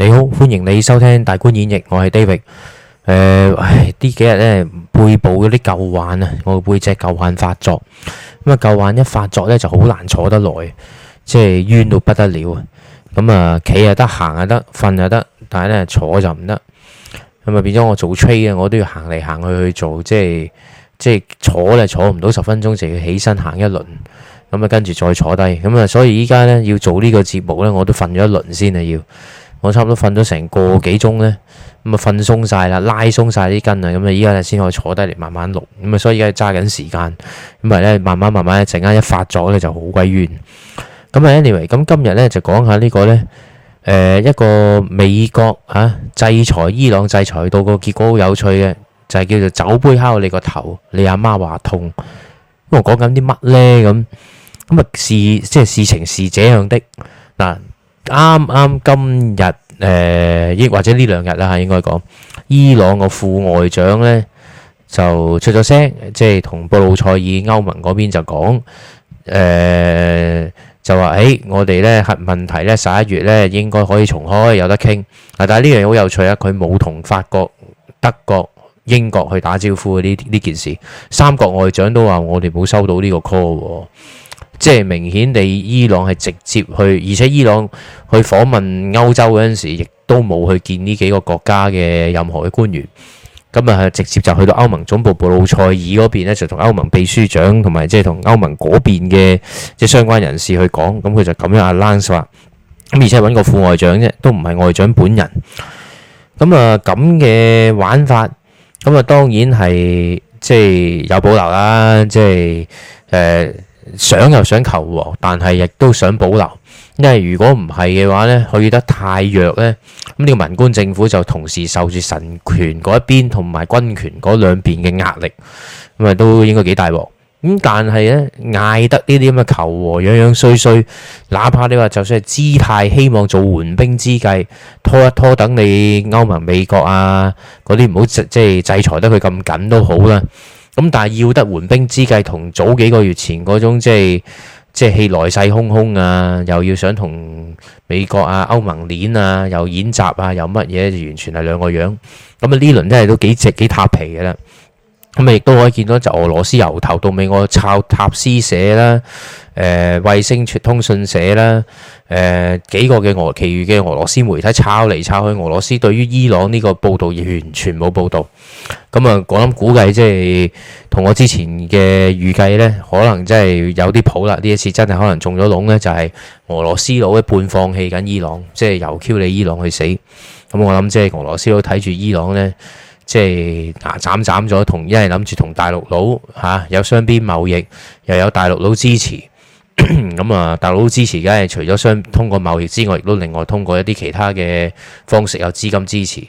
你好，歡迎你收聽大觀演繹。我係 David。誒、呃，呢幾日呢，背部嗰啲舊患啊，我背脊舊患發作咁啊，舊患一發作呢，就好難坐得耐，即係冤到不得了啊。咁啊，企又得，行又得，瞓又得，但係呢，坐就唔得咁啊。變咗我做 trade 啊，我都要行嚟行去去做，即係即係坐咧坐唔到十分鐘就要起身行一輪咁啊，跟住再坐低咁啊。所以依家呢，要做呢個節目呢，我都瞓咗一輪先啊，要。我差唔多瞓咗成個幾鐘呢，咁啊瞓鬆晒啦，拉鬆晒啲筋啊，咁啊依家先可以坐低嚟慢慢錄，咁啊所以而家揸緊時間，咁啊咧慢慢慢慢一陣間一發作咧就好鬼冤。咁啊，anyway，咁今日咧就講下呢個呢，誒、呃、一個美國吓、啊、制裁伊朗制裁到個結果好有趣嘅，就係、是、叫做酒杯敲你個頭，你阿媽話痛。咁我講緊啲乜呢？咁？咁啊事即係事情是這樣的嗱。啱啱今日誒、呃，或者呢兩日啦嚇，應該講伊朗個副外長呢就出咗聲，即係同布魯塞爾歐盟嗰邊就講誒、呃，就話誒、欸，我哋呢核問題呢，十一月呢應該可以重開，有得傾。但係呢樣嘢好有趣啊，佢冇同法國、德國、英國去打招呼呢呢件事，三國外長都話我哋冇收到呢個 call，啊。即係明顯地，伊朗係直接去，而且伊朗去訪問歐洲嗰陣時，亦都冇去見呢幾個國家嘅任何嘅官員。咁啊，直接就去到歐盟總部布魯塞爾嗰邊呢就同歐盟秘書長同埋即係同歐盟嗰邊嘅即相關人士去講。咁佢就咁樣阿 Lance 話，咁而且揾個副外長啫，都唔係外長本人。咁啊，咁嘅玩法，咁啊當然係即係有保留啦，即係誒。呃想又想求和，但係亦都想保留，因為如果唔係嘅話呢，去得太弱呢。咁呢個民官政府就同時受住神權嗰一邊同埋軍權嗰兩邊嘅壓力，咁啊都應該幾大喎。咁但係呢，嗌得呢啲咁嘅求和，樣樣衰衰，哪怕你話就算係姿態，希望做緩兵之計，拖一拖，等你歐盟、美國啊嗰啲唔好即係制裁得佢咁緊都好啦。咁但係要得緩兵之計，同早幾個月前嗰種即係即係氣來勢洶洶啊，又要想同美國啊、歐盟鏈啊又演習啊，又乜嘢、啊，完全係兩個樣。咁啊呢輪真係都幾直幾踏皮嘅啦。咁亦都可以見到就俄羅斯由頭到尾，我抄塔斯社啦，誒、呃、衛星通訊社啦，誒、呃、幾個嘅俄，其餘嘅俄羅斯媒體抄嚟抄去，俄羅斯對於伊朗呢個報導完全冇報導。咁、嗯、啊，我諗估計即係同我之前嘅預計呢，可能真係有啲譜啦。呢一次真係可能中咗籠呢，就係、是、俄羅斯佬一半放棄緊伊朗，即係由 Q 你伊朗去死。咁、嗯、我諗即係俄羅斯佬睇住伊朗呢。即係斬斬咗同，一係諗住同大陸佬吓、啊、有雙邊貿易，又有大陸佬支持。咁啊，大陸佬支持，梗係除咗相通過貿易之外，亦都另外通過一啲其他嘅方式有資金支持。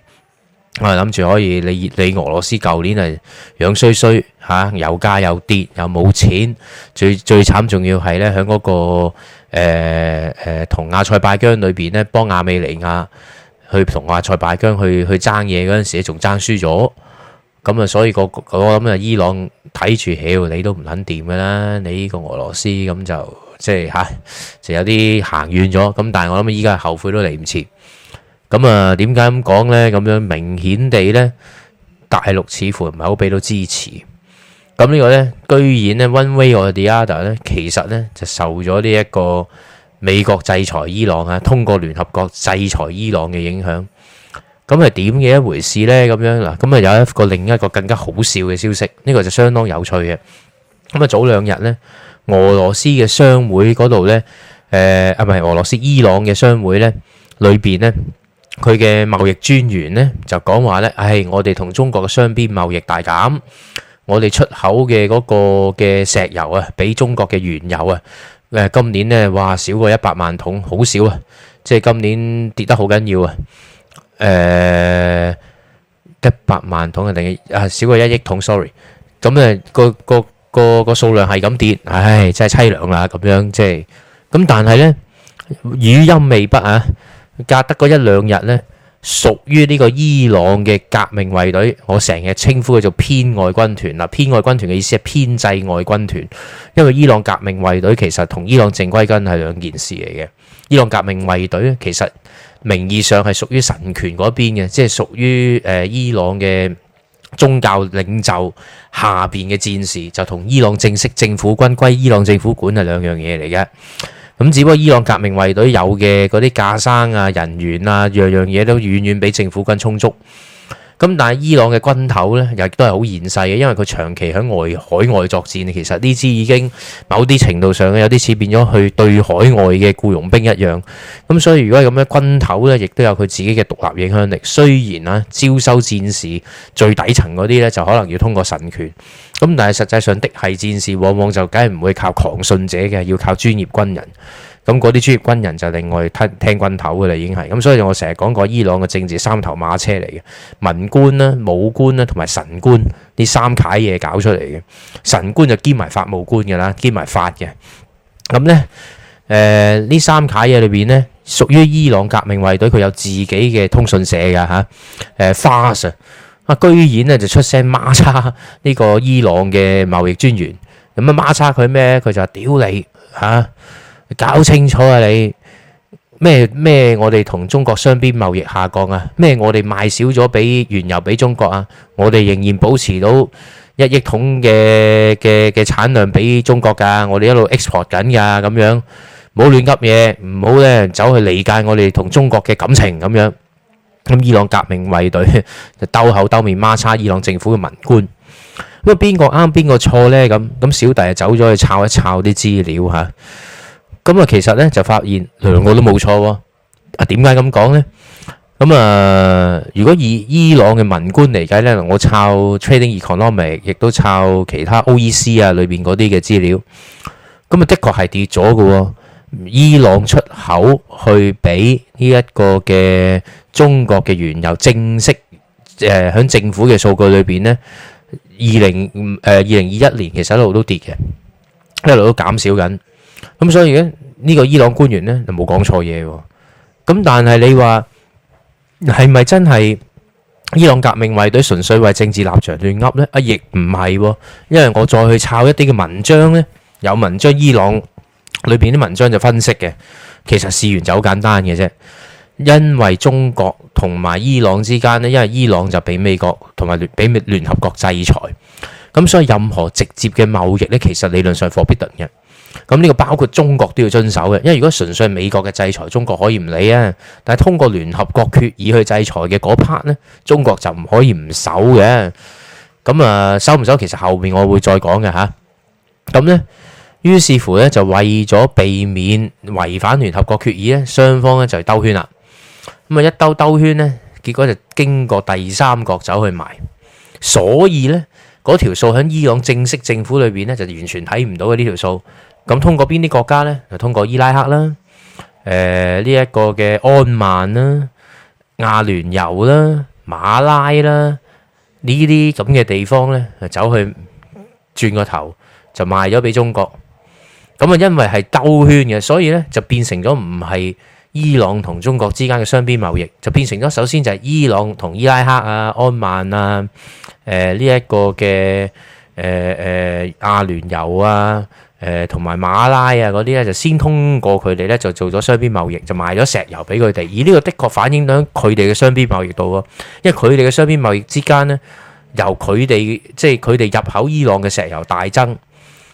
我諗住可以，你你俄羅斯舊年係樣衰衰吓，油、啊、價又，又跌又冇錢，最最慘仲要係咧喺嗰個誒誒、呃呃、同亞塞拜疆裏邊咧幫亞美尼亞。去同阿塞拜疆去去爭嘢嗰陣時，仲爭輸咗，咁啊，所以個我諗啊，伊朗睇住，屌你都唔肯掂噶啦，你呢個俄羅斯咁就即係吓、啊，就有啲行遠咗，咁但係我諗依家後悔都嚟唔切，咁啊，點解咁講呢？咁樣明顯地呢，大陸似乎唔係好俾到支持，咁呢個呢，居然咧，One Way or the Other 咧，其實呢，就受咗呢一個。美國制裁伊朗啊，通過聯合國制裁伊朗嘅影響，咁係點嘅一回事咧？咁樣嗱，咁啊有一個另一個更加好笑嘅消息，呢個就相當有趣嘅。咁啊早兩日咧，俄羅斯嘅商會嗰度咧，誒啊唔係俄羅斯伊朗嘅商會咧，裏邊咧，佢嘅貿易專員咧就講話咧，唉，我哋同中國嘅雙邊貿易大減，我哋出口嘅嗰個嘅石油啊，畀中國嘅原油啊。今年咧，話少過一百萬桶，好少啊！即係今年跌得好緊要啊！誒，一百萬桶定係啊少過一億桶，sorry。咁咧個個個個數量係咁跌，唉真係凄涼啦！咁樣即係咁，但係咧語音未畢啊，隔得嗰一兩日咧。屬於呢個伊朗嘅革命衛隊，我成日稱呼佢做編外軍團啦。編外軍團嘅意思係編制外軍團，因為伊朗革命衛隊其實同伊朗正規軍係兩件事嚟嘅。伊朗革命衛隊其實名義上係屬於神權嗰邊嘅，即係屬於誒伊朗嘅宗教領袖下邊嘅戰士，就同伊朗正式政府軍歸伊朗政府管係兩樣嘢嚟嘅。咁只不過伊朗革命衛隊有嘅嗰啲架生啊、人員啊、樣樣嘢都遠遠比政府軍充足。咁但係伊朗嘅軍頭呢，又都係好現世嘅，因為佢長期喺外海外作戰，其實呢支已經某啲程度上有啲似變咗去對海外嘅僱傭兵一樣。咁、嗯、所以如果係咁咧，軍頭呢亦都有佢自己嘅獨立影響力。雖然啊，招收戰士最底層嗰啲呢，就可能要通過神權，咁、嗯、但係實際上的係戰士，往往就梗係唔會靠狂信者嘅，要靠專業軍人。咁嗰啲專業軍人就另外聽聽軍頭嘅啦，已經係咁。所以我成日講過，伊朗嘅政治三頭馬車嚟嘅，文官啦、武官啦同埋神官呢三楷嘢搞出嚟嘅。神官就兼埋法務官嘅啦，兼埋法嘅。咁咧，誒呢三楷嘢裏邊呢，屬於伊朗革命衛隊，佢有自己嘅通訊社嘅嚇。誒 Fars 啊，居然呢就出聲孖叉呢個伊朗嘅貿易專員。咁啊孖叉佢咩？佢就話屌你嚇！搞清楚啊！你咩咩？我哋同中國雙邊貿易下降啊？咩？我哋賣少咗俾原油俾中國啊？我哋仍然保持到一億桶嘅嘅嘅產量俾中國噶。我哋一路 export 緊噶咁樣，唔好亂噏嘢，唔好咧走去理解我哋同中國嘅感情咁樣。咁伊朗革命衛隊就兜口兜面孖叉伊朗政府嘅文官，咁啊邊個啱邊個錯咧？咁咁小弟啊走咗去抄一抄啲資料吓。咁啊，其實咧就發現兩個、嗯、都冇錯喎。啊，點解咁講呢？咁、嗯、啊，如果以伊朗嘅民官嚟計咧，我抄 Trading Economics 亦都抄其他 OEC 啊裏邊嗰啲嘅資料，咁、嗯、啊，的確係跌咗嘅。伊朗出口去俾呢一個嘅中國嘅原油，正式誒喺、呃、政府嘅數據裏邊呢，二零誒、呃、二零二一年其實一路都跌嘅，一路都減少緊。咁所以咧，呢個伊朗官員呢，就冇講錯嘢。咁但係你話係咪真係伊朗革命衛隊純粹為政治立場亂噏咧？啊，亦唔係，因為我再去抄一啲嘅文章呢。有文章伊朗裏邊啲文章就分析嘅，其實事源就好簡單嘅啫，因為中國同埋伊朗之間呢，因為伊朗就俾美國同埋聯俾聯合國制裁，咁所以任何直接嘅貿易呢，其實理論上貨必突嘅。咁呢個包括中國都要遵守嘅，因為如果純粹美國嘅制裁，中國可以唔理啊。但係通過聯合國決議去制裁嘅嗰 part 咧，中國就唔可以唔守嘅。咁啊，守唔守其實後面我會再講嘅吓。咁咧，於是乎咧就為咗避免違反聯合國決議咧，雙方咧就兜圈啦。咁啊，一兜兜圈咧，結果就經過第三國走去埋，所以咧嗰條數喺伊朗正式政府裏邊咧就完全睇唔到嘅呢條數。咁通過邊啲國家呢？就通過伊拉克啦，誒呢一個嘅安曼啦、亞聯酋啦、馬拉啦呢啲咁嘅地方呢，就走去轉個頭就賣咗俾中國。咁啊，因為係兜圈嘅，所以呢，就變成咗唔係伊朗同中國之間嘅雙邊貿易，就變成咗首先就係伊朗同伊拉克啊、安曼啊、誒呢一個嘅誒誒亞聯酋啊。誒同埋馬拉啊嗰啲咧，就先通過佢哋咧，就做咗雙邊貿易，就賣咗石油俾佢哋，而呢個的確反映到佢哋嘅雙邊貿易度喎，因為佢哋嘅雙邊貿易之間咧，由佢哋即係佢哋入口伊朗嘅石油大增，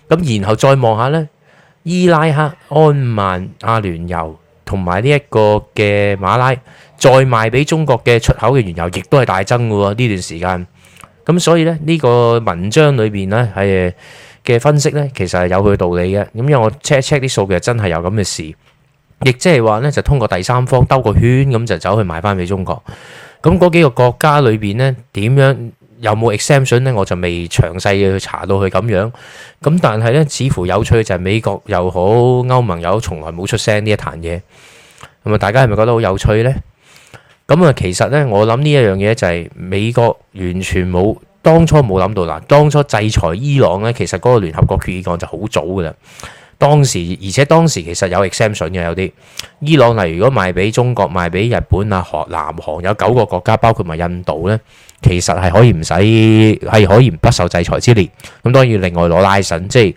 咁然後再望下咧，伊拉克、安曼、阿聯酋同埋呢一個嘅馬拉，再賣俾中國嘅出口嘅原油，亦都係大增嘅喎，呢段時間，咁所以咧，呢個文章裏邊咧係。嘅分析呢，其實係有佢道理嘅。咁因為我 check check 啲數據，真係有咁嘅事，亦即係話呢，就通過第三方兜個圈咁就走去賣翻俾中國。咁嗰幾個國家裏邊呢，點樣有冇 ex exception 呢？我就未詳細去查到佢咁樣。咁但係呢，似乎有趣就係美國又好，歐盟又好，從來冇出聲呢一壇嘢。咁啊，大家係咪覺得好有趣呢？咁啊，其實呢，我諗呢一樣嘢就係美國完全冇。當初冇諗到啦，當初制裁伊朗咧，其實嗰個聯合國決議案就好早噶啦。當時而且當時其實有 exemption 嘅，有啲伊朗，例如如果賣俾中國、賣俾日本啊、韓南韓有九個國家，包括埋印度咧，其實係可以唔使係可以不受制裁之列。咁當然另外攞 license，即係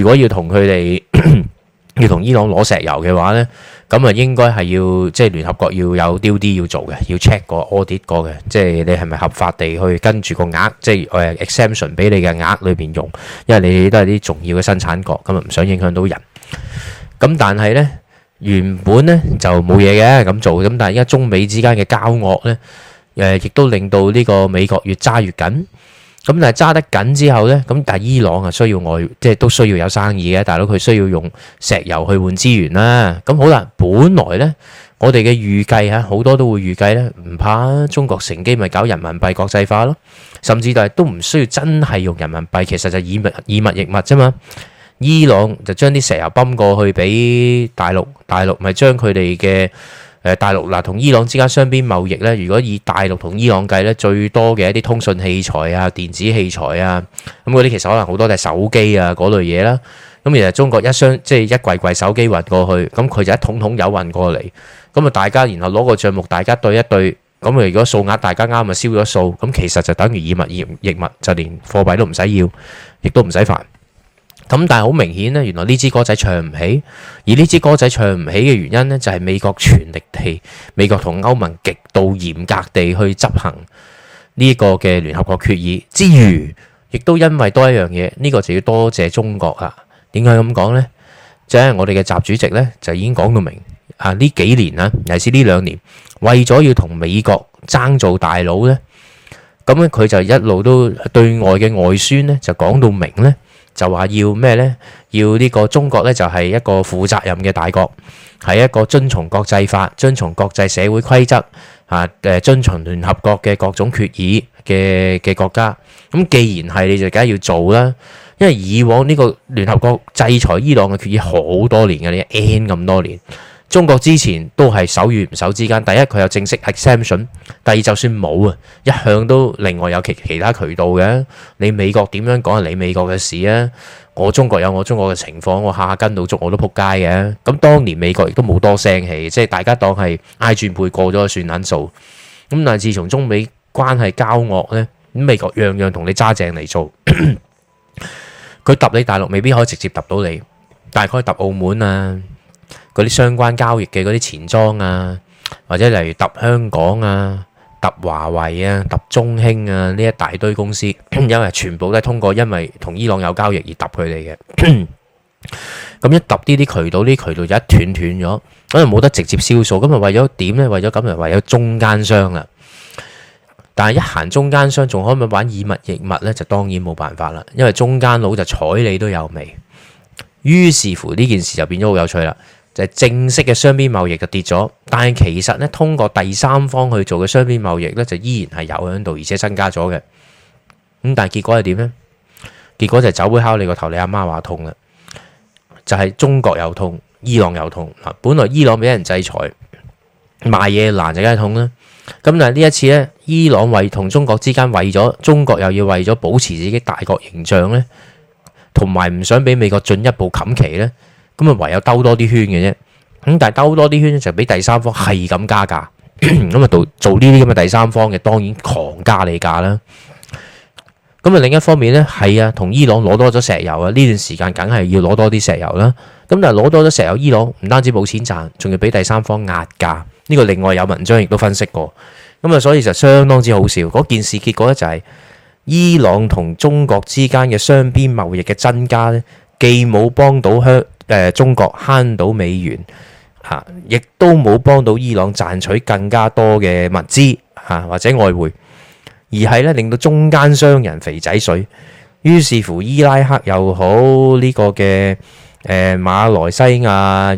如果要同佢哋要同伊朗攞石油嘅話咧。咁啊，應該係要即係聯合國要有 DD 要做嘅，要 check 個 audit 過嘅，即係你係咪合法地去跟住個額，即係誒 exemption 俾你嘅額裏面用，因為你都係啲重要嘅生產國，咁啊唔想影響到人，咁但係呢，原本呢就冇嘢嘅咁做，咁但係而家中美之間嘅交惡呢，誒亦都令到呢個美國越揸越緊，咁但係揸得緊之後呢，咁但係伊朗啊，需要外即係都需要有生意嘅大佬，佢需要用石油去換資源啦。咁好啦，本來呢，我哋嘅預計嚇好多都會預計呢，唔怕中國乘機咪搞人民幣國際化咯，甚至就係都唔需要真係用人民幣，其實就以物以物易物啫嘛。伊朗就將啲石油泵過去俾大陸，大陸咪將佢哋嘅。誒大陸嗱，同伊朗之間雙邊貿易咧，如果以大陸同伊朗計咧，最多嘅一啲通訊器材啊、電子器材啊，咁嗰啲其實可能好多都係手機啊嗰類嘢啦。咁其實中國一箱即係一櫃櫃手機運過去，咁佢就一桶桶油運過嚟。咁啊，大家然後攞個帳目，大家對一對，咁啊，如果數額大家啱，咪消咗數。咁其實就等於以物易物，物就連貨幣都唔使要，亦都唔使煩。咁但係好明顯呢，原來呢支歌仔唱唔起，而呢支歌仔唱唔起嘅原因呢，就係美國全力地美國同歐盟極度嚴格地去執行呢個嘅聯合國決議之餘，亦都因為多一樣嘢，呢個就要多謝中國啊。點解咁講呢？即係我哋嘅習主席呢，就已經講到明啊。呢幾年啦，尤其是呢兩年，為咗要同美國爭做大佬呢，咁佢就一路都對外嘅外宣呢，就講到明呢。就話要咩呢？要呢個中國呢，就係一個負責任嘅大國，係一個遵從國際法、遵從國際社會規則啊，誒，遵從聯合國嘅各種決議嘅嘅國家。咁既然係，你就梗係要做啦。因為以往呢個聯合國制裁伊朗嘅決議好多年嘅，你、這個、N 咁多年。中國之前都係守與唔守之間，第一佢有正式 exemption，第二就算冇啊，一向都另外有其其他渠道嘅。你美國點樣講係你美國嘅事啊？我中國有我中國嘅情況，我下根倒足下下跟到捉我都仆街嘅。咁當年美國亦都冇多聲氣，即係大家當係嗌轉背過咗嘅算捻數。咁但係自從中美關係交惡呢，咁美國樣樣同你揸正嚟做，佢揼你大陸未必可以直接揼到你，大概揼澳門啊。嗰啲相關交易嘅嗰啲錢莊啊，或者例如揼香港啊、揼華為啊、揼中興啊，呢一大堆公司，因為全部都係通過，因為同伊朗有交易而揼佢哋嘅。咁 一揼呢啲渠道，呢啲渠道就一斷斷咗，咁就冇得直接銷數。咁就為咗點呢？為咗咁就為咗中間商啦。但係一行中間商，仲可唔可以玩以物易物呢？就當然冇辦法啦，因為中間佬就睬你都有味。於是乎呢件事就變咗好有趣啦。就係正式嘅雙邊貿易就跌咗，但係其實咧，通過第三方去做嘅雙邊貿易咧，就依然係有喺度，而且增加咗嘅。咁、嗯、但係結果係點呢？結果就係酒杯敲你個頭，你阿媽話痛啦。就係、是、中國又痛，伊朗又痛。本來伊朗俾人制裁，賣嘢難就梗係痛啦。咁但係呢一次咧，伊朗為同中國之間為咗中國又要為咗保持自己大國形象咧，同埋唔想俾美國進一步冚旗咧。咁啊，唯有兜多啲圈嘅啫。咁但係兜多啲圈就俾第三方係咁加價，咁啊， 做呢啲咁嘅第三方嘅，當然狂加你價啦。咁啊，另一方面呢，係啊，同伊朗攞多咗石油啊，呢段時間梗係要攞多啲石油啦。咁但係攞多咗石油，伊朗唔單止冇錢賺，仲要俾第三方壓價呢、呢個。另外有文章亦都分析過，咁啊，所以就相當之好笑。嗰件事結果呢，就係伊朗同中國之間嘅雙邊貿易嘅增加呢，既冇幫到香。誒、呃，中國慳到美元吓，亦、啊、都冇幫到伊朗賺取更加多嘅物資吓、啊、或者外匯，而係咧令到中間商人肥仔水。於是乎，伊拉克又好呢、呢個嘅誒、呃、馬來西亞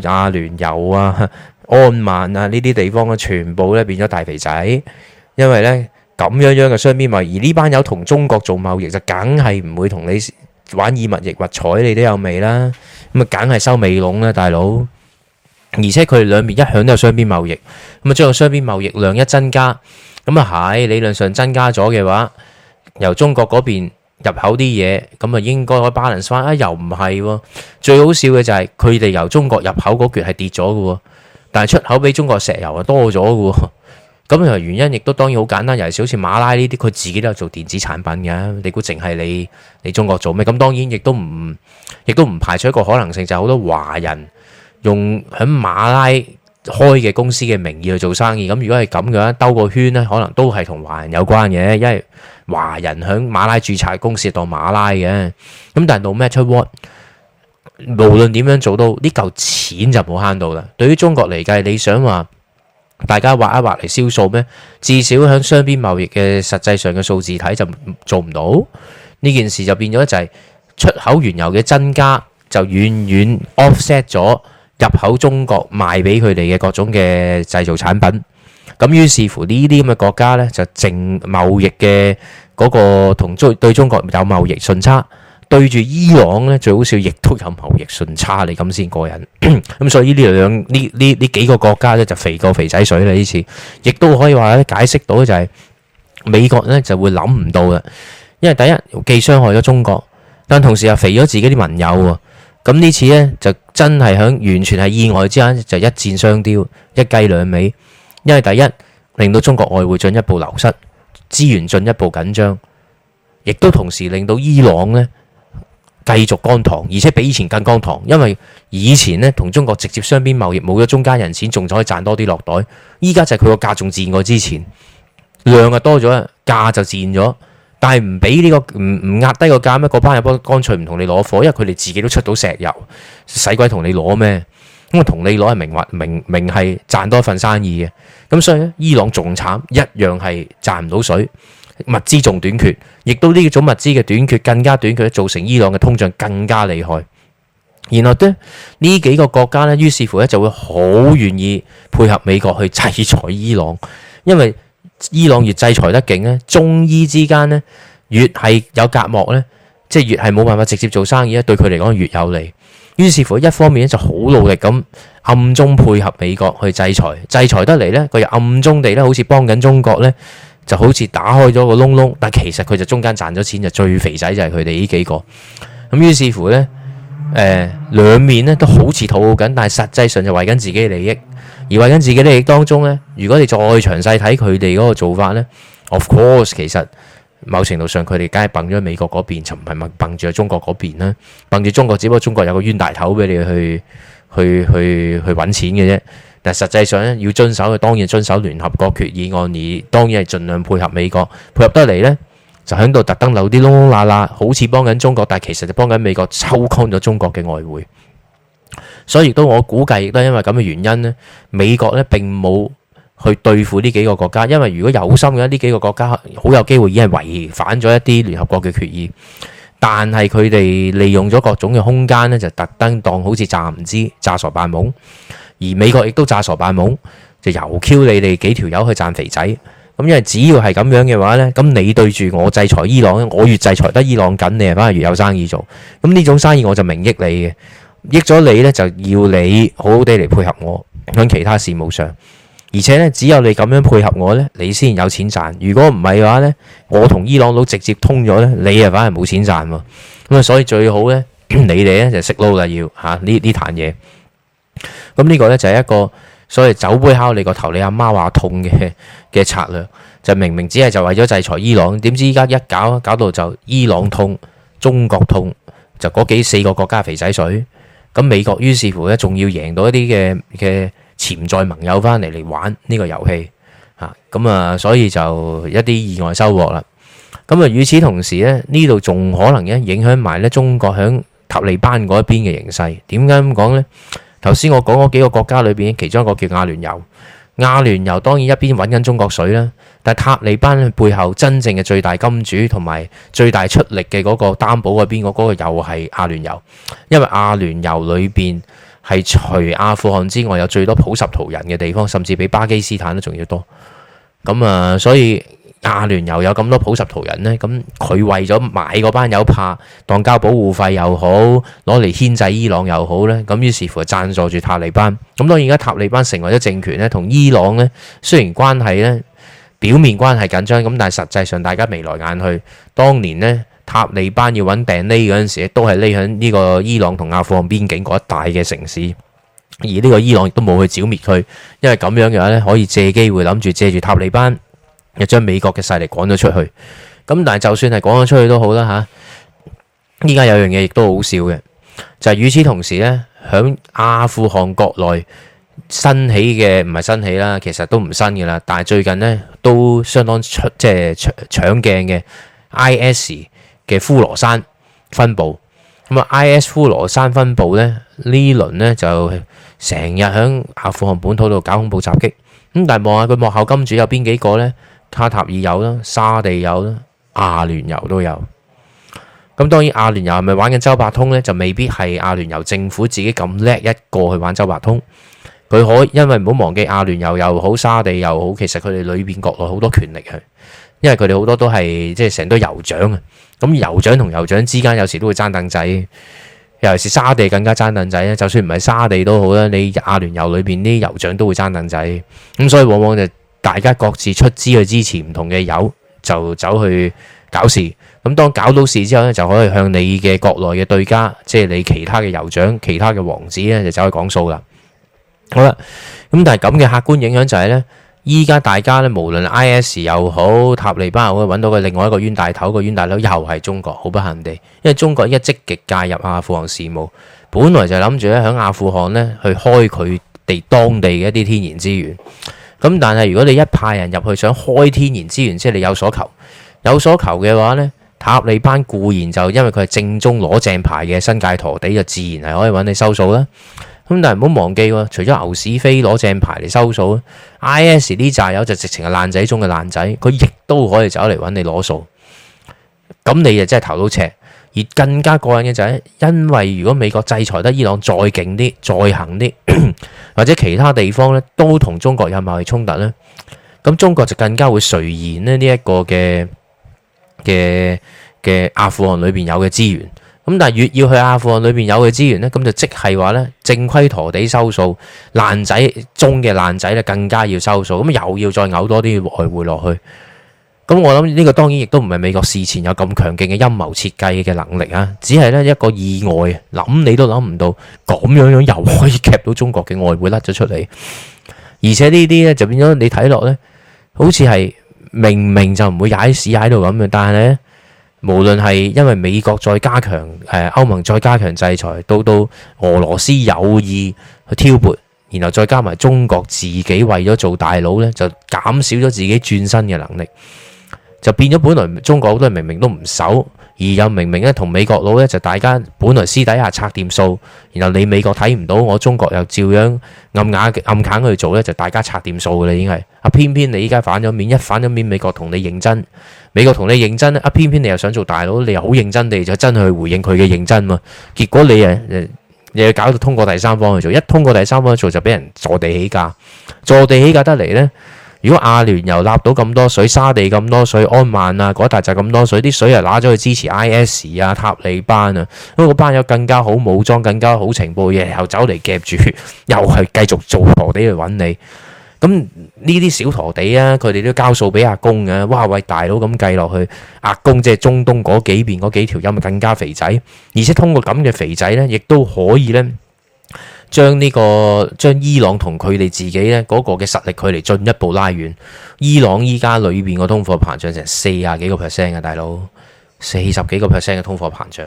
阿聯酋啊、安曼啊呢啲地方嘅全部咧變咗大肥仔，因為咧咁樣樣嘅雙邊貿易，而呢班友同中國做貿易就梗係唔會同你。玩以物易或彩你都有味啦，咁啊梗係收尾籠啦，大佬。而且佢哋兩邊一向都有雙邊貿易，咁啊將個雙邊貿易量一增加，咁啊喺理論上增加咗嘅話，由中國嗰邊入口啲嘢，咁啊應該可以 balance 翻啊，又唔係喎。最好笑嘅就係佢哋由中國入口嗰橛係跌咗嘅，但係出口比中國石油啊多咗嘅。咁其實原因亦都當然好簡單，尤其是好似馬拉呢啲，佢自己都有做電子產品嘅。你估淨係你你中國做咩？咁當然亦都唔亦都唔排除一個可能性，就係好多華人用喺馬拉開嘅公司嘅名義去做生意。咁如果係咁嘅兜個圈呢，可能都係同華人有關嘅，因為華人喺馬拉註冊公司當馬拉嘅。咁但係到咩出貨，無論點樣做到，呢嚿錢就冇慳到啦。對於中國嚟計，你想話？大家畫一畫嚟消數咩？至少喺雙邊貿易嘅實際上嘅數字睇就做唔到。呢件事就變咗，就係出口原油嘅增加就遠遠 offset 咗入口中國賣俾佢哋嘅各種嘅製造產品。咁於是乎呢啲咁嘅國家呢、那個，就淨貿易嘅嗰個同中對中國有貿易順差。對住伊朗呢，最好笑，亦都有貿易順差，你咁先過癮。咁 所以呢兩呢呢幾個國家呢，就肥過肥仔水啦。呢次亦都可以話解釋到咧，就係美國呢就會諗唔到啦，因為第一既傷害咗中國，但同時又肥咗自己啲盟友。咁呢次呢，就真係響完全係意外之間，就一箭雙雕，一雞兩味。因為第一令到中國外匯進一步流失，資源進一步緊張，亦都同時令到伊朗呢。繼續乾塘，而且比以前更乾塘，因為以前呢，同中國直接雙邊貿易冇咗中間人錢，仲可以賺多啲落袋。依家就係佢個價仲賤過之前，量又多咗，價就賤咗。但係唔俾呢個唔唔壓低個價咩？嗰班人幫乾脆唔同你攞貨，因為佢哋自己都出到石油，使鬼同你攞咩？咁啊同你攞係明物明明係賺多一份生意嘅。咁所以呢，伊朗仲慘，一樣係賺唔到水。物資仲短缺，亦都呢種物資嘅短缺更加短缺，造成伊朗嘅通脹更加厲害。然後咧，呢幾個國家呢，於是乎咧就會好願意配合美國去制裁伊朗，因為伊朗越制裁得勁呢，中伊之間呢，越係有隔膜呢，即係越係冇辦法直接做生意咧，對佢嚟講越有利。於是乎，一方面咧就好努力咁暗中配合美國去制裁，制裁得嚟呢，佢又暗中地咧好似幫緊中國呢。就好似打開咗個窿窿，但其實佢就中間賺咗錢，就最肥仔就係佢哋呢幾個咁。於是乎呢，誒、呃、兩面呢都好似討好緊，但係實際上就為緊自己利益而為緊自己利益當中呢，如果你再詳細睇佢哋嗰個做法呢，of course，其實某程度上佢哋梗係掹咗美國嗰邊，就唔係掹掹住喺中國嗰邊啦。掹住中國，只不過中國有個冤大頭俾你去。去去去揾錢嘅啫，但實際上呢要遵守，嘅當然遵守聯合國決議案，而當然係盡量配合美國，配合得嚟呢，就喺度特登留啲窿窿罅罅，好似幫緊中國，但其實就幫緊美國抽乾咗中國嘅外匯。所以亦都我估計亦都因為咁嘅原因呢，美國呢並冇去對付呢幾個國家，因為如果有心嘅呢幾個國家好有機會已經係違反咗一啲聯合國嘅決議。但係佢哋利用咗各種嘅空間呢，就特登當好似詐唔知、詐傻扮懵，而美國亦都詐傻扮懵，就由 Q 你哋幾條友去賺肥仔。咁因為只要係咁樣嘅話呢，咁你對住我制裁伊朗，我越制裁得伊朗緊，你啊反而越有生意做。咁呢種生意我就明益你嘅，益咗你呢，就要你好好地嚟配合我響其他事務上。而且咧，只有你咁樣配合我呢，你先有錢賺。如果唔係嘅話呢，我同伊朗佬直接通咗呢，你啊反而冇錢賺。咁啊，所以最好呢， 你哋呢就識撈啦，要吓呢呢壇嘢。咁呢個呢，就係一個所謂酒杯敲你個頭，你阿媽話痛嘅嘅策略。就明明只係就為咗制裁伊朗，點知依家一搞，搞到就伊朗痛，中國痛，就嗰幾四個國家肥仔水。咁美國於是乎呢，仲要贏到一啲嘅嘅。潛在盟友翻嚟嚟玩呢個遊戲，嚇咁啊！所以就一啲意外收穫啦。咁啊，與此同時呢，呢度仲可能咧影響埋咧中國響塔利班嗰一邊嘅形勢。點解咁講呢？頭先我講嗰幾個國家裏邊，其中一個叫阿聯酋。阿聯酋當然一邊揾緊中國水啦，但塔利班背後真正嘅最大金主同埋最大出力嘅嗰個擔保嘅邊個？嗰個又係阿聯酋，因為阿聯酋裏邊，係除阿富汗之外，有最多普什圖人嘅地方，甚至比巴基斯坦都仲要多。咁啊，所以阿聯酋有咁多普什圖人呢？咁佢為咗買嗰班友拍，當交保護費又好，攞嚟牽制伊朗又好呢？咁於是乎就贊助住塔利班。咁當然而家塔利班成為咗政權呢，同伊朗呢，雖然關係呢，表面關係緊張，咁但係實際上大家眉來眼去。當年呢。塔利班要揾定匿嗰陣時，都係匿喺呢個伊朗同阿富汗邊境嗰一帶嘅城市，而呢個伊朗亦都冇去剿滅佢，因為咁樣嘅話咧，可以借機會諗住借住塔利班，又將美國嘅勢力趕咗出去。咁但係就算係趕咗出去都好啦嚇。依家有樣嘢亦都好笑嘅，就係與此同時咧，響阿富汗國內新起嘅，唔係新起啦，其實都唔新噶啦，但係最近咧都相當出，即係搶搶鏡嘅 IS。嘅呼羅山分佈，咁啊，I.S. 呼羅山分佈呢？呢輪呢就成日響阿富汗本土度搞恐怖襲擊，咁但係望下佢幕後金主有邊幾個呢？卡塔爾有啦，沙地有啦，阿聯酋都有。咁當然阿聯酋係咪玩緊周伯通呢？就未必係阿聯酋政府自己咁叻一個去玩周伯通。佢可以因為唔好忘記阿聯酋又好，沙地又好，其實佢哋裏邊國內好多權力去。因為佢哋好多都係即係成堆酋長啊，咁酋長同酋長之間有時都會爭凳仔，尤其是沙地更加爭凳仔咧。就算唔係沙地都好啦，你亞聯酋裏邊啲酋長都會爭凳仔，咁所以往往就大家各自出資去支持唔同嘅油，就走去搞事。咁當搞到事之後咧，就可以向你嘅國內嘅對家，即係你其他嘅酋長、其他嘅王子咧，就走去講數啦。好啦，咁但係咁嘅客觀影響就係呢。依家大家咧，無論 IS 又好，塔利班又好，揾到個另外一個冤大頭，個冤大頭又係中國，好不幸地，因為中國一積極介入阿富汗事務，本來就諗住咧喺阿富汗呢，去開佢哋當地嘅一啲天然資源。咁但係如果你一派人入去想開天然資源，即係你有所求，有所求嘅話呢，塔利班固然就因為佢係正宗攞正牌嘅新界陀地，就自然係可以揾你收數啦。咁但係唔好忘記喎，除咗牛屎飛攞正牌嚟收數，I S 呢扎友就直情係爛仔中嘅爛仔，佢亦都可以走嚟揾你攞數，咁你就真係頭都赤。而更加過癮嘅就係，因為如果美國制裁得伊朗再勁啲、再行啲， 或者其他地方咧都同中國有埋衝突呢，咁中國就更加會垂涎咧呢一個嘅嘅嘅阿富汗裏邊有嘅資源。咁但係越要去阿富汗裏面有嘅資源呢，咁就即係話呢，正規陀地收數爛仔中嘅爛仔咧，更加要收數，咁又要再嘔多啲外匯落去。咁我諗呢個當然亦都唔係美國事前有咁強勁嘅陰謀設計嘅能力啊，只係呢一個意外，諗你都諗唔到咁樣樣又可以夾到中國嘅外匯甩咗出嚟，而且呢啲呢，就變咗你睇落呢，好似係明明就唔會踩屎踩到咁樣，但係呢。無論係因為美國再加強，誒、呃、歐盟再加強制裁，到到俄羅斯有意去挑撥，然後再加埋中國自己為咗做大佬呢，就減少咗自己轉身嘅能力，就變咗本來中國好多人明明都唔守，而又明明咧同美國佬呢，就大家本來私底下拆掂數，然後你美國睇唔到，我中國又照樣暗啞暗砍去做呢，就大家拆掂數㗎啦，已經係啊，偏偏你依家反咗面，一反咗面，美國同你認真。美國同你認真咧，偏偏你又想做大佬，你又好認真地，地就真去回應佢嘅認真嘛？結果你誒你又搞到通過第三方去做，一通過第三方去做就俾人坐地起價，坐地起價得嚟呢，如果阿聯酋納到咁多水，沙地咁多水，安曼啊嗰一帶就咁多水，啲水又拿咗去支持 IS 啊、塔利班啊，因為嗰班有更加好武裝、更加好情報嘢，又走嚟夾住，又係繼續做傻地去揾你。咁呢啲小陀地啊，佢哋都交數俾阿公嘅啊。哇喂，大佬咁計落去，阿公即係中東嗰幾邊嗰幾條友咪更加肥仔，而且通過咁嘅肥仔呢，亦都可以呢將呢個將伊朗同佢哋自己呢嗰個嘅實力距離進一步拉遠。伊朗依家裏邊個通貨膨脹成四十幾個 percent 嘅大佬，四十幾個 percent 嘅通貨膨脹。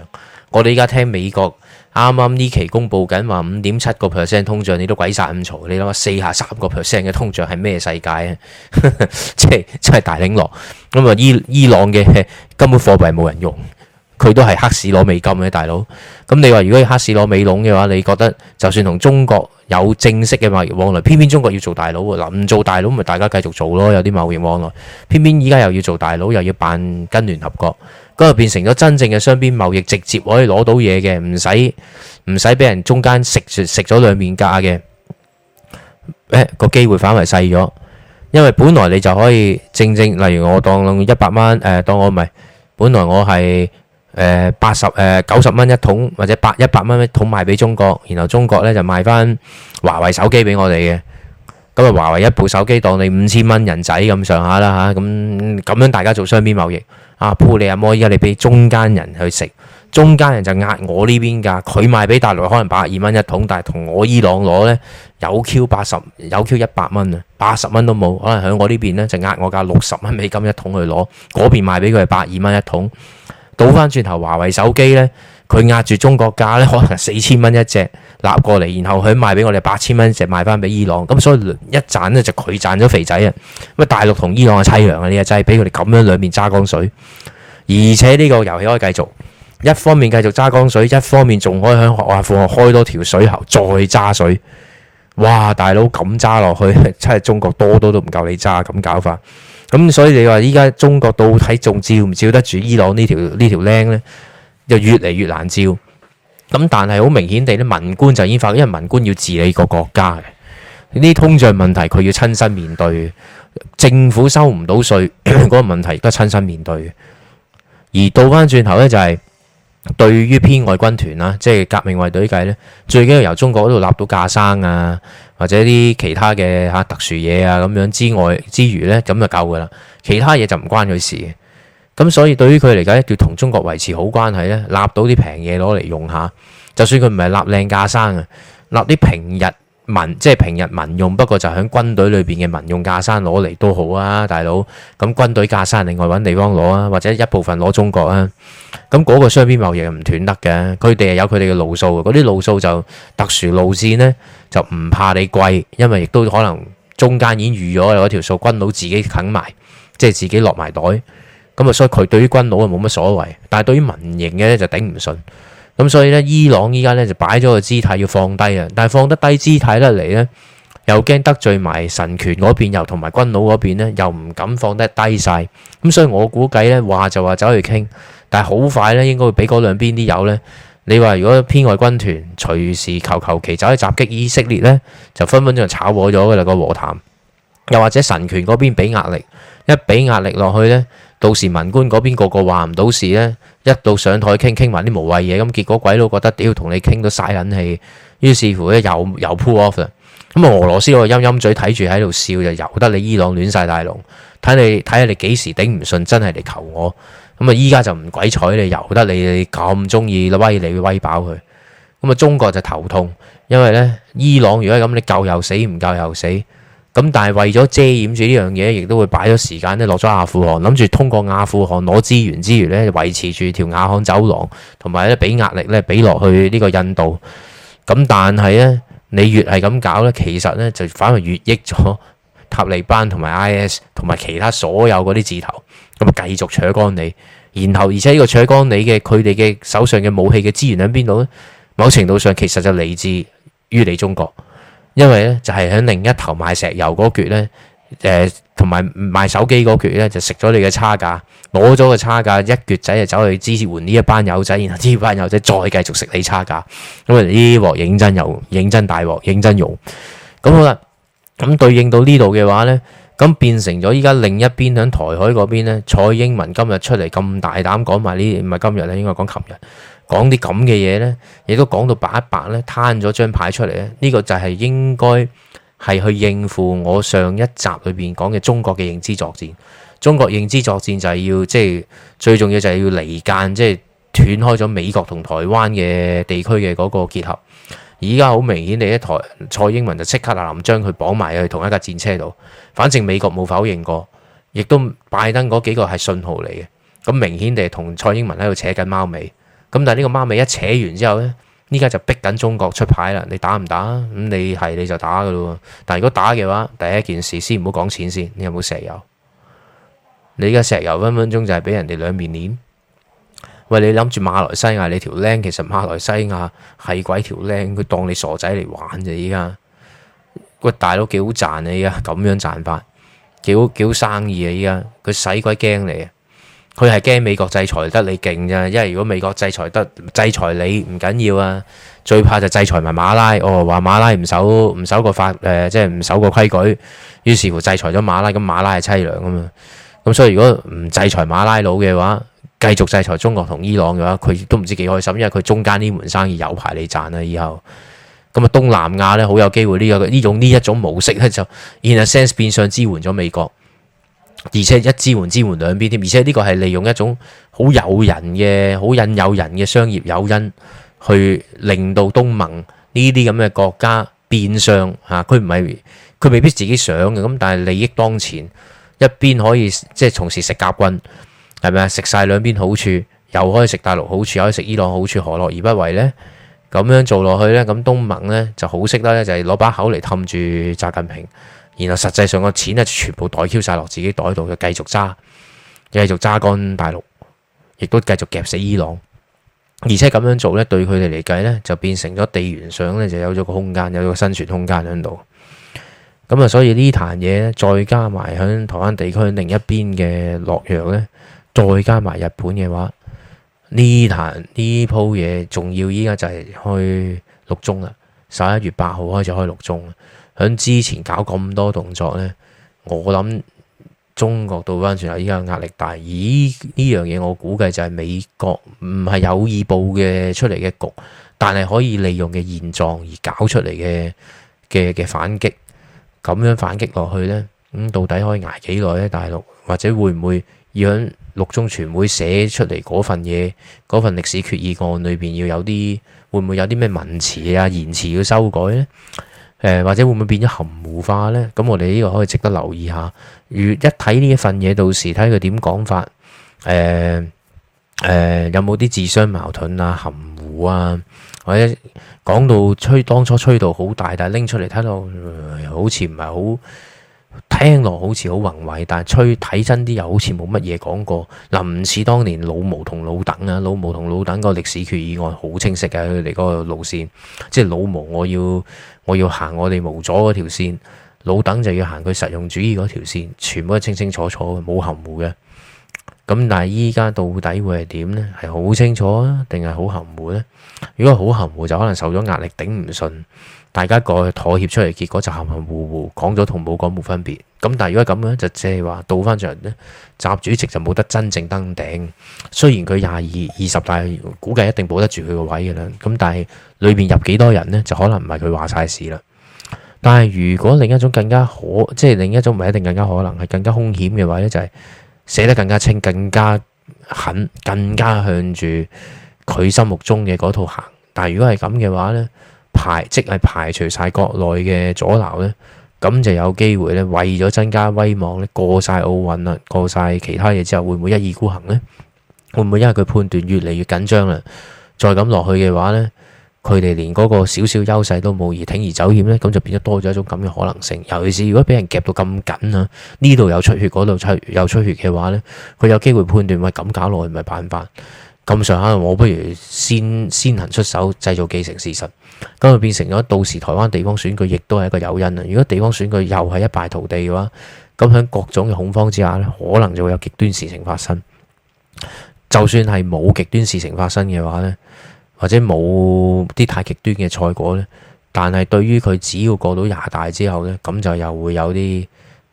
我哋依家聽美國。啱啱呢期公布緊話五點七個 percent 通脹，你都鬼殺咁嘈。你諗下四下三個 percent 嘅通脹係咩世界啊？即 係、就是就是、大領落。咁啊，伊伊朗嘅根本貨幣冇人用，佢都係黑市攞美金嘅大佬。咁你話如果要黑市攞美籠嘅話，你覺得就算同中國有正式嘅貿易往來，偏偏中國要做大佬喎？嗱，唔做大佬咪大家繼續做咯。有啲貿易往來，偏偏依家又要做大佬，又要辦跟聯合國。嗰個變成咗真正嘅雙邊貿易，直接可以攞到嘢嘅，唔使唔使俾人中間食食咗兩面價嘅。誒、哎、個機會反為細咗，因為本來你就可以正正，例如我當一百蚊，誒、呃、當我唔係，本來我係誒八十誒九十蚊一桶，或者百一百蚊一桶賣俾中國，然後中國呢就賣翻華為手機俾我哋嘅。咁啊，華為一部手機當你五千蚊人仔咁上下啦嚇，咁咁樣大家做雙邊貿易。啊，布你阿摩依家你俾中間人去食，中間人就呃我呢邊噶，佢賣俾大陸可能百二蚊一桶，但係同我伊朗攞呢，有 Q 八十，有 Q 一百蚊啊，八十蚊都冇，可能喺我呢邊呢，就呃我噶六十蚊美金一桶去攞，嗰邊賣俾佢係百二蚊一桶，倒翻轉頭華為手機呢。佢壓住中國價咧，可能四千蚊一隻立過嚟，然後佢賣俾我哋八千蚊一隻，賣翻俾伊朗，咁所以一賺呢，就佢賺咗肥仔啊！咁大陸同伊朗嘅淒涼啊！呢，啊，真係俾佢哋咁樣兩面揸江水，而且呢個遊戲可以繼續，一方面繼續揸江水，一方面仲可以向阿富汗開多條水喉再揸水。哇！大佬咁揸落去，真係中國多多都唔夠你揸，咁搞法。咁所以你話依家中國到底仲照唔照得住伊朗條條呢條呢條靚咧？就越嚟越難招，咁但係好明顯地咧，文官就已經發覺，因為文官要治理個國家嘅，呢通脹問題佢要親身面對，政府收唔到稅嗰、 嗰個問題亦都親身面對。而倒翻轉頭呢、就係，就係對於編外軍團啦，即係革命衛隊計呢，最緊要由中國嗰度立到架生啊，或者啲其他嘅吓特殊嘢啊咁樣之外之餘呢，咁就夠噶啦，其他嘢就唔關佢事。咁所以對於佢嚟講，要同中國維持好關係咧，立到啲平嘢攞嚟用下，就算佢唔係立靚架生啊，立啲平日民即係平日民用，不過就喺軍隊裏邊嘅民用架生攞嚟都好啊，大佬。咁軍隊架生，另外揾地方攞啊，或者一部分攞中國啊。咁嗰個雙邊貿易唔斷得嘅，佢哋係有佢哋嘅路數，嗰啲路數就特殊路線呢，就唔怕你貴，因為亦都可能中間已經預咗有條數，軍佬自己啃埋，即係自己落埋袋。咁啊，所以佢對於軍佬啊冇乜所謂，但係對於民營嘅咧就頂唔順。咁所以咧，伊朗依家咧就擺咗個姿態要放低啊，但係放得低姿態得嚟咧，又驚得罪埋神權嗰邊又，邊又同埋軍佬嗰邊咧又唔敢放得低晒。咁所以我估計咧話就話走去傾，但係好快咧應該會俾嗰兩邊啲友咧，你話如果偏外軍團隨時求求其走去襲擊以色列咧，就分分鐘炒糊咗㗎喇個和談。又或者神權嗰邊俾壓力，一俾壓力落去咧。到時文官嗰邊個個話唔到事呢，一到上台傾傾埋啲無謂嘢，咁結果鬼佬覺得屌，同你傾到晒忍氣，於是乎咧又又 pull off 啦。咁啊，俄羅斯個陰陰嘴睇住喺度笑，就由得你伊朗亂晒大龍，睇你睇下你幾時頂唔順，真係嚟求我。咁啊，依家就唔鬼睬你，由得你，你咁中意啦，威你威飽佢。咁啊，中國就頭痛，因為呢，伊朗如果咁，你救又死，唔救又死。咁但係為咗遮掩住呢樣嘢，亦都會擺咗時間咧落咗阿富汗，諗住通過阿富汗攞資源之餘咧，維持住條瓦罕走廊，同埋咧俾壓力咧俾落去呢個印度。咁但係咧，你越係咁搞咧，其實咧就反而越益咗塔利班同埋 IS 同埋其他所有嗰啲字頭，咁繼續扯乾你。然後而且呢個扯乾你嘅，佢哋嘅手上嘅武器嘅資源喺邊度咧？某程度上其實就嚟自於你中國。因為咧就係喺另一頭賣石油嗰橛咧，誒、呃，同埋賣手機嗰橛咧就食咗你嘅差價，攞咗個差價，一橛仔就走去支持援呢一班友仔，然後呢班友仔再繼續食你差價，咁啊呢鑊認真又認真大鑊認真用，咁好啦，咁對應到呢度嘅話咧，咁變成咗依家另一邊響台海嗰邊咧，蔡英文今日出嚟咁大膽講埋呢，唔係今日咧應該講琴日。講啲咁嘅嘢呢，亦都講到白一白呢，攤咗張牌出嚟咧。呢、這個就係應該係去應付我上一集裏邊講嘅中國嘅認知作戰。中國認知作戰就係要即係、就是、最重要就係要離間，即、就、係、是、斷開咗美國同台灣嘅地區嘅嗰個結合。而家好明顯地，一台蔡英文就即刻嗱嗱臨將佢綁埋去同一架戰車度。反正美國冇否認過，亦都拜登嗰幾個係信號嚟嘅。咁明顯地，同蔡英文喺度扯緊貓尾。咁但係呢個貓尾一扯完之後呢，依家就逼緊中國出牌啦！你打唔打啊？咁你係你就打噶啦！但係如果打嘅話，第一件事先唔好講錢先，你有冇石油？你依家石油分分鐘就係俾人哋兩面捻。喂，你諗住馬來西亞你條靚，其實馬來西亞係鬼條靚，佢當你傻仔嚟玩啫！依家喂大佬幾好賺啊！依家咁樣賺法，幾好幾好生意啊！依家佢使鬼驚你啊！佢係驚美國制裁得你勁咋，因為如果美國制裁得制裁你唔緊要啊，最怕就制裁埋馬拉。哦，話馬拉唔守唔守個法，誒、呃，即係唔守個規矩，於是乎制裁咗馬拉，咁馬拉係淒涼啊嘛。咁所以如果唔制裁馬拉佬嘅話，繼續制裁中國同伊朗嘅話，佢都唔知幾開心，因為佢中間呢門生意有排你賺啊。以後咁啊，東南亞咧好有機會呢個呢種呢一種，種模式咧就 in a sense 變相支援咗美國。而且一支援支援兩邊添，而且呢個係利用一種好誘人嘅、好引誘人嘅商業誘因，去令到東盟呢啲咁嘅國家變相嚇，佢唔係，佢未必自己想嘅，咁但係利益當前，一邊可以即係從事食夾棍，係咪啊？食晒兩邊好處，又可以食大陸好處，又可以食伊朗好處，何樂而不為咧？咁樣做落去咧，咁東盟咧就好識得啦，就係攞把口嚟氹住習近平。然後實際上個錢呢，全部袋翹晒落自己袋度，就繼續揸，繼續揸乾大陸，亦都繼續夾死伊朗。而且咁樣做呢，對佢哋嚟計呢，就變成咗地緣上呢，就有咗個空間，有咗個生存空間喺度。咁、嗯、啊，所以呢壇嘢再加埋響台灣地區另一邊嘅諾陽呢，再加埋日本嘅話，呢壇呢鋪嘢仲要依家就係開六中啦。十一月八號開始開六中喺之前搞咁多動作呢，我諗中國倒翻轉頭，依家壓力大。咦？呢樣嘢我估計就係美國唔係有意佈嘅出嚟嘅局，但係可以利用嘅現狀而搞出嚟嘅嘅嘅反擊，咁樣反擊落去呢，咁、嗯、到底可以挨幾耐呢？大陸或者會唔會讓六中全會寫出嚟嗰份嘢，嗰份歷史決議案裏邊要有啲，會唔會有啲咩文詞啊、言詞要修改呢？誒或者會唔會變咗含糊化呢？咁我哋呢個可以值得留意下。如一睇呢一份嘢，到時睇佢點講法。誒、呃呃、有冇啲自相矛盾啊、含糊啊，或者講到吹，當初吹到好大，但係拎出嚟睇到好似唔係好。聽落好似好宏偉，但係吹睇真啲又好似冇乜嘢講過。嗱、啊，唔似當年老毛同老鄧啊，老毛同老鄧個歷史決議案好清晰嘅，佢哋個路線，即係老毛我要我要行我哋毛左嗰條線，老鄧就要行佢實用主義嗰條線，全部都清清楚楚，冇含糊嘅。咁但係依家到底會係點呢？係好清楚啊，定係好含糊呢？如果好含糊，就可能受咗壓力頂唔順，大家過去妥協出嚟，結果就含含糊糊講咗同冇講冇分別。咁但係如果咁樣，就即係話倒翻轉呢，習主席就冇得真正登頂。雖然佢廿二二十大，估計一定保得住佢個位嘅啦。咁但係裏面入幾多人呢？就可能唔係佢話晒事啦。但係如果另一種更加可，即係另一種唔係一定更加可能，係更加凶險嘅話呢就係、是。寫得更加清、更加狠、更加向住佢心目中嘅嗰套行。但係如果係咁嘅話呢，排即係排除晒國內嘅阻撓呢，咁就有機會呢，為咗增加威望呢，過晒奧運啦，過晒其他嘢之後，會唔會一意孤行呢？會唔會因為佢判斷越嚟越緊張啦？再咁落去嘅話呢。佢哋連嗰個少少優勢都冇而鋌而走險呢，咁就變咗多咗一種咁嘅可能性。尤其是如果俾人夾到咁緊啊，呢度有出血，嗰度出又出血嘅話呢，佢有機會判斷，喂，咁搞落去咪辦法。咁上下，我不如先先行出手製造既成事實，咁就變成咗到時台灣地方選舉亦都係一個誘因啊！如果地方選舉又係一敗塗地嘅話，咁喺各種嘅恐慌之下呢，可能就會有極端事情發生。就算係冇極端事情發生嘅話呢。或者冇啲太極端嘅賽果呢？但係對於佢只要過到廿大之後呢，咁就又會有啲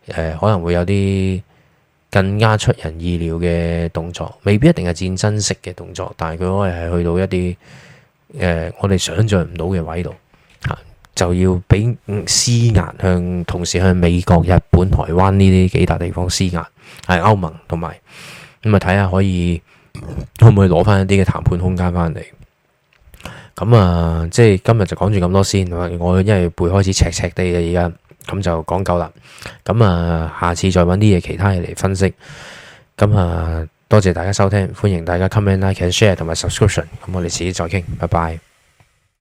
誒、呃，可能會有啲更加出人意料嘅動作，未必一定係戰爭式嘅動作，但係佢可能係去到一啲誒、呃、我哋想象唔到嘅位度嚇、啊，就要俾施壓向，同時向美國、日本、台灣呢啲幾笪地方施壓，係歐盟同埋咁啊，睇下可以可唔可以攞翻一啲嘅談判空間返嚟。咁啊，即係今日就講住咁多先，我因為背開始赤赤地啊，而家咁就講夠啦。咁啊，下次再揾啲嘢其他嘢嚟分析。咁啊，多謝大家收聽，歡迎大家 comment like and share 同埋 subscription。咁 我哋下次再傾，拜拜。